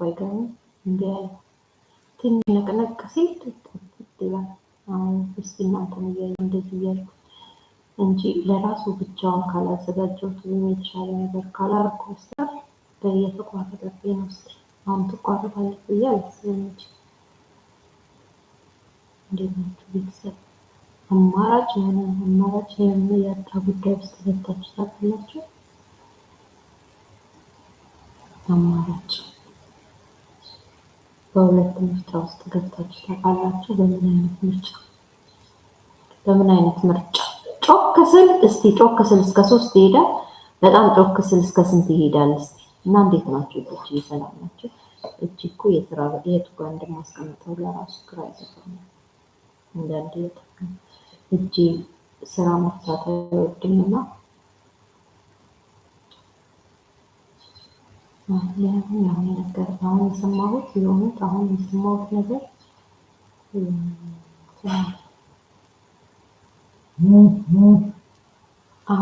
ቆይ ደግሞ ያለ ትንሽ ነቅነቅ ሲል ይላል። አሁን እስቲ እናንተን እንደዚህ እያልኩ እንጂ ለራሱ ብቻውን ካላዘጋጀሁት ወይም የተሻለ ነገር ካላረኩ በስተቀር እየተቋረጠብኝ ነው። አሁን ትቋረጣለች ብዬ አላስብም እንዴት ናችሁ ቤተሰብ? አማራጭ የሆነ አማራጭ የሆነ የእርዳ ጉዳይ ውስጥ ገብታችሁ ታውቃላችሁ? አማራጭ በሁለት ምርጫ ውስጥ ገብታችሁ ታውቃላችሁ? በምን አይነት ምርጫ በምን አይነት ምርጫ? ጮክ ስል እስቲ ጮክ ስል እስከ ሶስት ይሄዳል። በጣም ጮክ ስል እስከ ስንት ይሄዳል? እስቲ እና እንዴት ናቸው? እጆች እየሰላም ናቸው? እጅ እኮ የስራ የቱ ጋር እንደማስቀምጠው ለራሱ ግራ ይገባኛል። እንዳንድ እጅ ስራ መፍታት አይወድም እና አሁን ነገር አሁን የሰማሁት የሆኑት አሁን የሰማሁት ነገር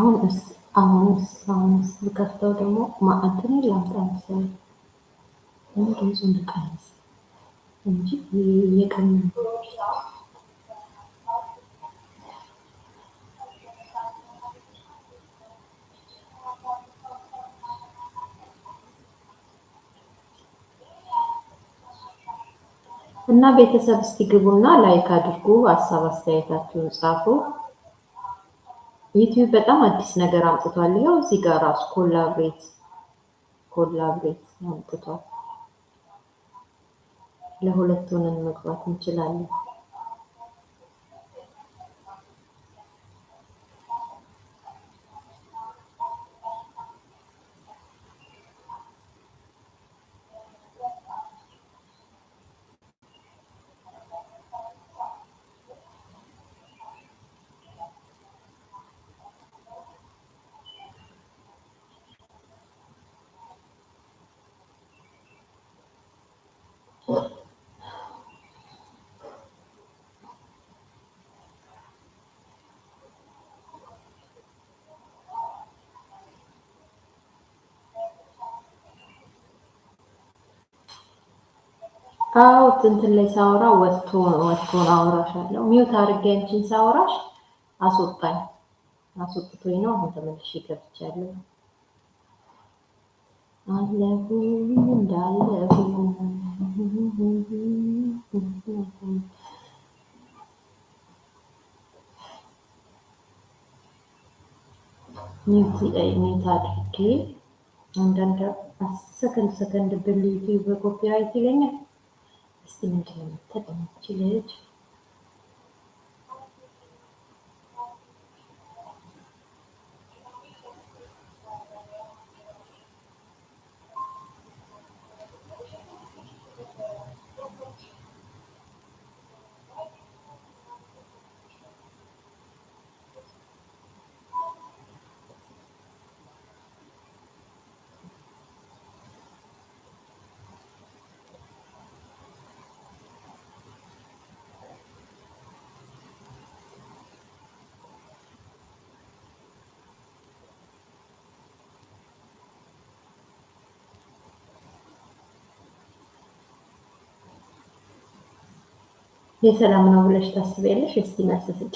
አሁንስ አሁን አሁንስ ልከፍተው ደግሞ ማዕድን ላምጣ መሰለኝ ወይም ድምፁን እንጂ የቀን እና ቤተሰብ እስቲ ግቡና ላይክ አድርጉ፣ ሀሳብ አስተያየታችሁን ጻፉ። ዩቲዩብ በጣም አዲስ ነገር አምጥቷል። ይኸው እዚህ ጋር ራሱ ኮላብሬት ኮላብሬት አምጥቷል። ለሁለት ሆነን መግባት እንችላለን። አዎ እንትን ላይ ሳወራ ወጥቶ ወጥቶን አወራሻለሁ። ሚውት አድርጌ አንቺን ሳወራሽ አስወጣኝ አስወጥቶኝ ነው። አሁን ተመልሼ ገብቻለሁ። አለሁ እንዳለሁ ሚውት አድርጌ አንዳንድ ሰከንድ ሰከንድ ብልይ በኮፒራይት ይለኛል። እስቲ ምንድን ነው የምትጠቀመው ልጅ የሰላም ነው ብለሽ ታስቢያለሽ? እስቲ መልስ ስጭ።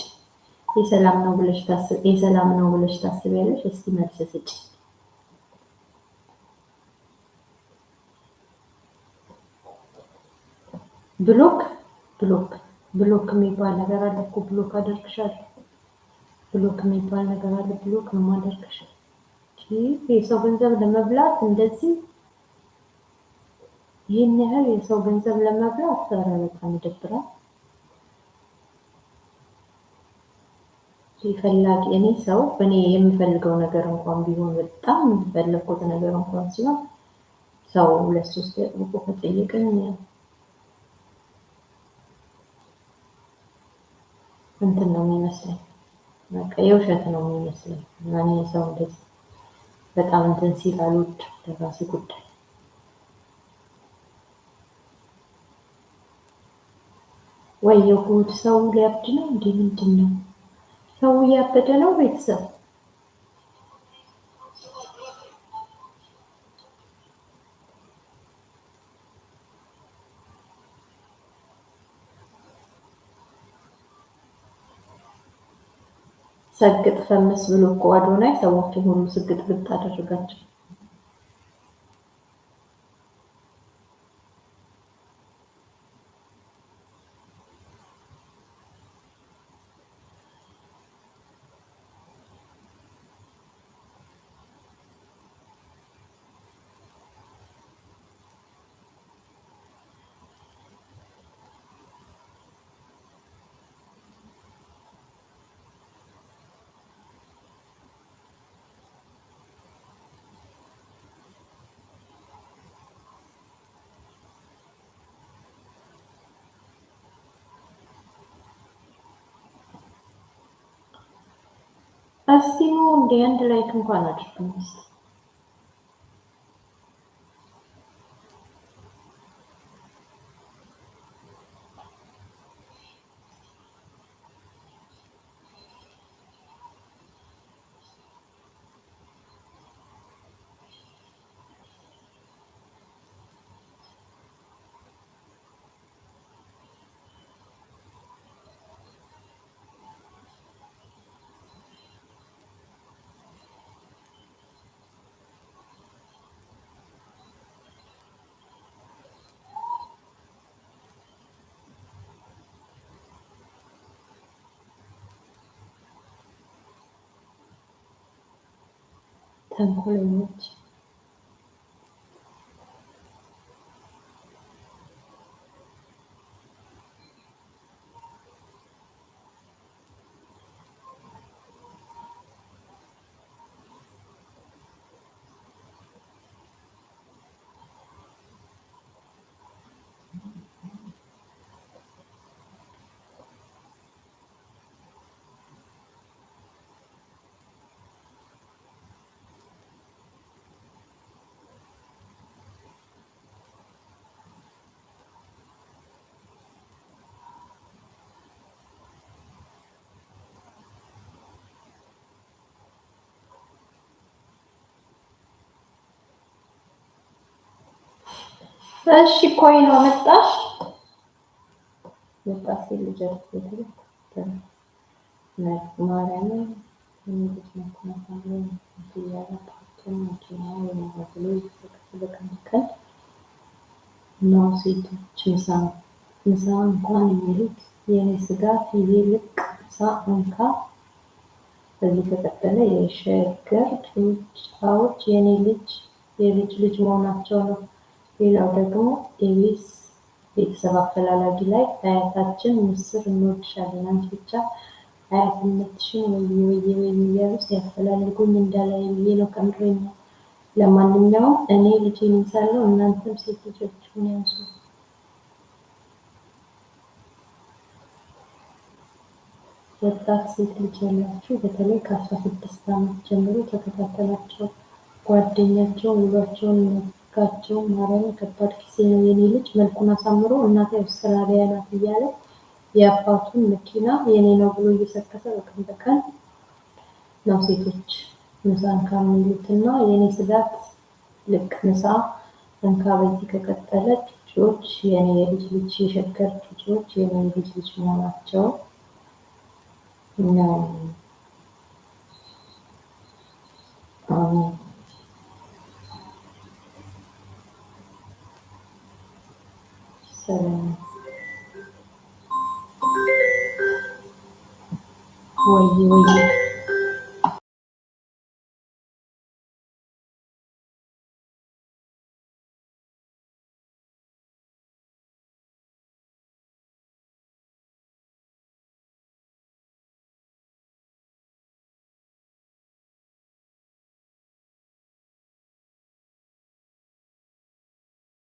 የሰላም ነው ብለሽ ታስብ የሰላም ነው ብለሽ ታስቢያለሽ? እስቲ መልስ ስጭ። ብሎክ ብሎክ ብሎክ የሚባል ነገር አለ እኮ ብሎክ አደርግሻለሁ። ብሎክ የሚባል ነገር አለ። ብሎክ ነው የማደርግሻለሁ። የሰው ገንዘብ ለመብላት እንደዚህ ይህን ያህል የሰው ገንዘብ ለመብላት በጣም ይደብራል። የፈላጊ እኔ ሰው እኔ የምፈልገው ነገር እንኳን ቢሆን በጣም የምፈልገው ነገር እንኳን ሲሆን ሰው ሁለት ሶስት ያጥብቆ ከጠየቀኝ እንትን ነው የሚመስለኝ፣ በቃ የውሸት ነው የሚመስለኝ። እና እኔ ሰው እንደዚህ በጣም እንትን ሲል አልወድ ለራሴ ጉዳይ ወይ የጉድ ሰው ሊያብድ ነው እንዴ? ምንድን ነው ሰው እያበደ ነው ቤተሰብ ሰግጥ ፈምስ ብሎ እኮ አዶናይ ሰዎች ሁሉ ስግጥ ግጥ አደረጋቸው። እስቲ እንደ አንድ ላይክ እንኳን አድርጉኝ። 三五零五七。እሺ ኮይን አመጣሽ ወጣት ልጅ ነው። ሴቶች ምሳ ምሳ እንኳን የሚሉት የኔ ስጋ ፊዜ ልቅ ምሳ እንካ በዚህ ተቀጠለ የሸገር ጭንጫዎች የኔ ልጅ የልጅ ልጅ መሆናቸው ነው። ሌላው ደግሞ የቤት ቤተሰብ አፈላላጊ ላይ አያታችን ምስር እንወድሻለን አንቺ ብቻ አያትነትሽን ወይዬ ወይዬ ወይዬ እያሉ ሲያፈላልጉኝ እንዳላይ ብዬ ነው ቀምድረኛ። ለማንኛውም እኔ ልጄን ይዛለሁ፣ እናንተም ሴት ልጆችሁን ያዙ። ወጣት ሴት ልጅ ያላችሁ በተለይ ከአስራ ስድስት ዓመት ጀምሮ ተከታተላቸው፣ ጓደኛቸውን ውሏቸውን ጋቸው ማርያምን ከባድ ጊዜ ነው የኔ ልጅ መልኩን አሳምሮ እናት አውስትራሊያ ናት እያለ የአባቱን መኪና የኔ ነው ብሎ እየሰከሰ በቀን በቀን ነው ሴቶች ምሳን ከሚሉትና የኔ ስጋት ልቅ ምሳ እንካ በዚህ ከቀጠለ ጩጬዎች የኔ የልጅ ልጅ የሸገር ጩጬዎች የኔ የልጅ ልጅ መሆናቸው ነው። አሜን። cho vui vui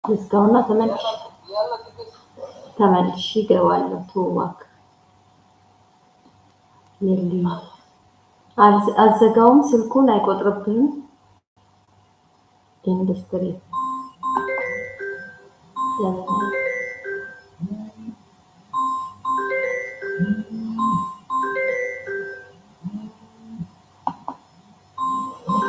Just go, nothing. ተመልሼ እገባለሁ። ተው እባክህ የለም ስልኩን አይቆጥርብህም። ኢንዱስትሪ